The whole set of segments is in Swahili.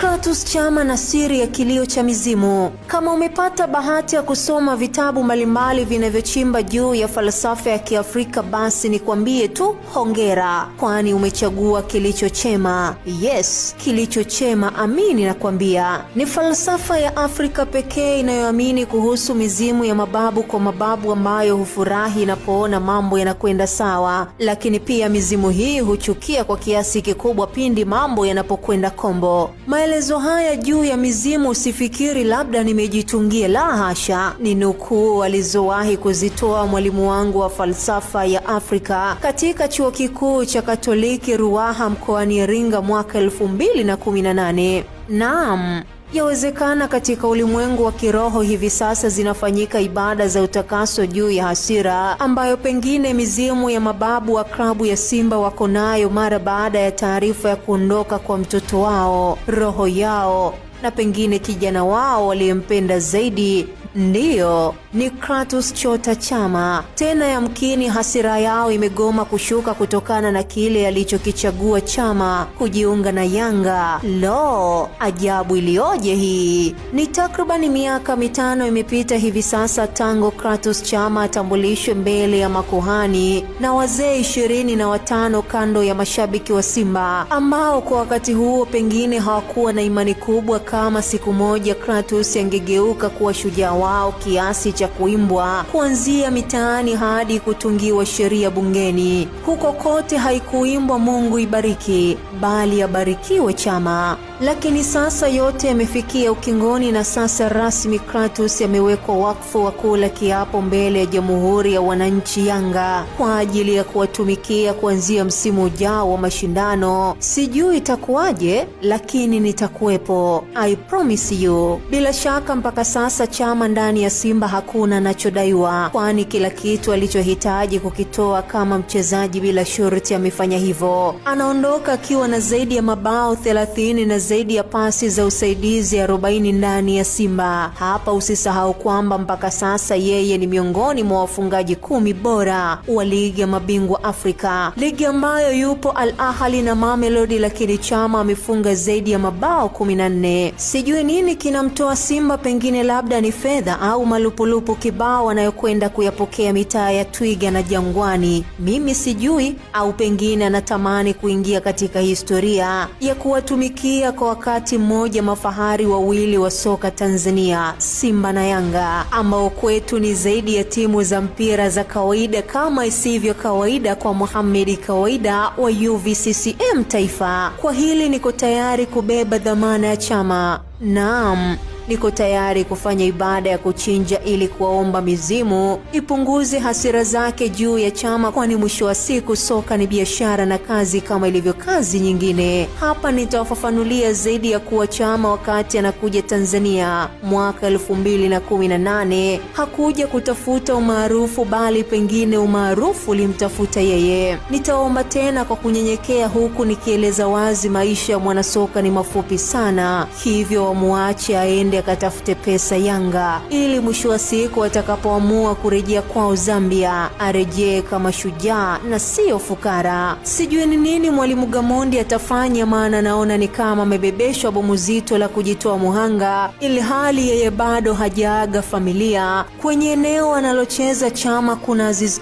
Clatous Chama na siri ya kilio cha mizimu. Kama umepata bahati ya kusoma vitabu mbalimbali vinavyochimba juu ya falsafa ya Kiafrika, basi nikwambie tu hongera, kwani umechagua kilicho chema. Yes, kilicho chema, amini nakwambia. Ni falsafa ya Afrika pekee inayoamini kuhusu mizimu ya mababu kwa mababu, ambayo hufurahi inapoona mambo yanakwenda sawa, lakini pia mizimu hii huchukia kwa kiasi kikubwa pindi mambo yanapokwenda kombo Maele Maelezo haya juu ya mizimu usifikiri labda nimejitungia, la hasha. Ni nukuu alizowahi kuzitoa mwalimu wangu wa falsafa ya Afrika katika chuo kikuu cha Katoliki Ruaha mkoani Iringa mwaka 2018. Naam. Yawezekana katika ulimwengu wa kiroho hivi sasa zinafanyika ibada za utakaso juu ya hasira ambayo pengine mizimu ya mababu wa klabu ya Simba wako nayo mara baada ya taarifa ya kuondoka kwa mtoto wao, roho yao na pengine kijana wao waliyempenda zaidi ndiyo ni Kratos Chota Chama. Tena yamkini hasira yao imegoma kushuka kutokana na kile alichokichagua Chama kujiunga na Yanga. Lo, ajabu iliyoje hii! Ni takribani miaka mitano imepita hivi sasa tangu Kratos Chama atambulishwe mbele ya makuhani na wazee ishirini na watano kando ya mashabiki wa Simba ambao kwa wakati huo pengine hawakuwa na imani kubwa kama siku moja Kratos angegeuka kuwa shujaa wao kiasi cha kuimbwa kuanzia mitaani hadi kutungiwa sheria bungeni. Huko kote haikuimbwa Mungu ibariki, bali abarikiwe chama. Lakini sasa yote yamefikia ukingoni, na sasa rasmi Kratos yamewekwa wakfu wa kula kiapo mbele ya Jamhuri ya Wananchi Yanga kwa ajili ya kuwatumikia kuanzia msimu ujao wa mashindano. Sijui itakuwaje, lakini nitakuwepo, I promise you. Bila shaka mpaka sasa chama ndani ya Simba hakuna anachodaiwa, kwani kila kitu alichohitaji kukitoa kama mchezaji bila shurti amefanya hivyo. Anaondoka akiwa na zaidi ya mabao 30 na zaidi ya pasi za usaidizi 40 ndani ya Simba. Hapa usisahau kwamba mpaka sasa yeye ni miongoni mwa wafungaji kumi bora wa ligi ya mabingwa Afrika, ligi ambayo yupo Al Ahli na Mamelodi, lakini Chama amefunga zaidi ya mabao 14. Sijui nini kinamtoa Simba, pengine labda ni fedha au malupulupu kibao anayokwenda kuyapokea mitaa ya Twiga na Jangwani, mimi sijui, au pengine anatamani kuingia katika historia ya kuwatumikia kwa wakati mmoja mafahari wawili wa soka Tanzania, Simba na Yanga, ambao kwetu ni zaidi ya timu za mpira za kawaida, kama isivyo kawaida kwa Mohamed Kawaida wa UVCCM Taifa. Kwa hili niko tayari kubeba dhamana ya chama. Naam liko tayari kufanya ibada ya kuchinja ili kuwaomba mizimu ipunguze hasira zake juu ya chama, kwani mwisho wa siku soka ni biashara na kazi kama ilivyo kazi nyingine. Hapa nitawafafanulia zaidi ya kuwa Chama wakati anakuja Tanzania mwaka 2018 hakuja kutafuta umaarufu, bali pengine umaarufu ulimtafuta yeye. Nitaomba tena kwa kunyenyekea, huku nikieleza wazi maisha ya mwanasoka ni mafupi sana, hivyo wamuache aende akatafute pesa Yanga ili mwisho wa siku atakapoamua kurejea kwao Zambia arejee kama shujaa na siyo fukara. Sijui ni nini mwalimu Gamondi atafanya, maana naona ni kama amebebeshwa bomu zito la kujitoa muhanga, ili hali yeye bado hajaaga familia. Kwenye eneo analocheza chama kuna Aziz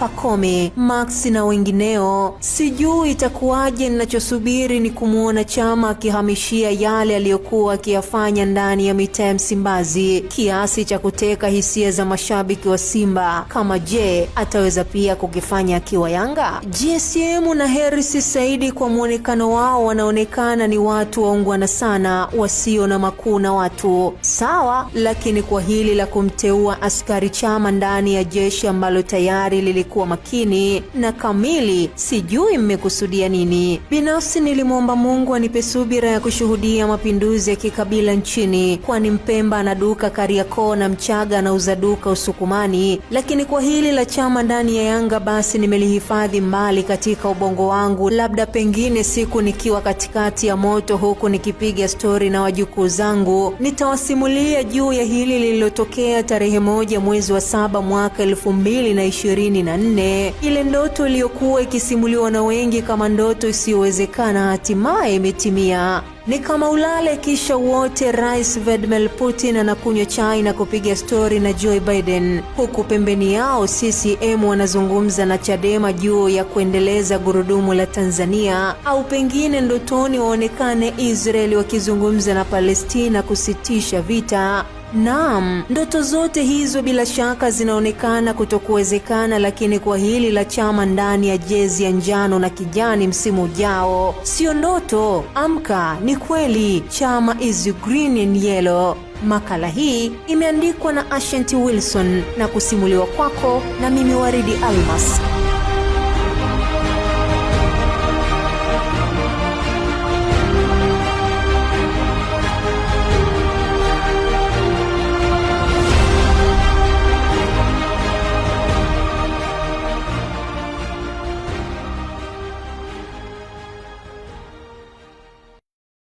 Pakome, Max na wengineo. Sijui itakuwaje. Ninachosubiri ni kumwona chama akihamishia yale aliyokuwa akiyafanya ndani ndani ya mitaa ya Msimbazi kiasi cha kuteka hisia za mashabiki wa Simba kama je, ataweza pia kukifanya akiwa Yanga? GSM na Harris Saidi kwa mwonekano wao wanaonekana ni watu waungwana sana wasio na makuu na watu sawa, lakini kwa hili la kumteua askari Chama ndani ya jeshi ambalo tayari lilikuwa makini na kamili, sijui mmekusudia nini. Binafsi nilimwomba Mungu anipe subira ya kushuhudia mapinduzi ya kikabila nchini kwani Mpemba duka Kariakoo na Mchaga anauza duka Usukumani. Lakini kwa hili la chama ndani ya Yanga basi nimelihifadhi mbali katika ubongo wangu, labda pengine siku nikiwa katikati ya moto huku nikipiga stori na wajukuu zangu nitawasimulia juu ya hili lililotokea tarehe moja mwezi wa saba mwaka elfu mbili na ishirini na nne. Ile ndoto iliyokuwa ikisimuliwa na wengi kama ndoto isiyowezekana hatimaye imetimia. Ni kama ulale kisha wote. Rais Vladimir Putin anakunywa chai na kupiga stori na Joe Biden, huku pembeni yao CCM wanazungumza na Chadema juu ya kuendeleza gurudumu la Tanzania, au pengine ndotoni waonekane Israeli wakizungumza na Palestina kusitisha vita. Naam, ndoto zote hizo bila shaka zinaonekana kutokuwezekana, lakini kwa hili la chama ndani ya jezi ya njano na kijani msimu ujao, sio ndoto. Amka, ni kweli. Chama is green and yellow. Makala hii imeandikwa na Ashanti Wilson na kusimuliwa kwako na mimi Waridi Almas.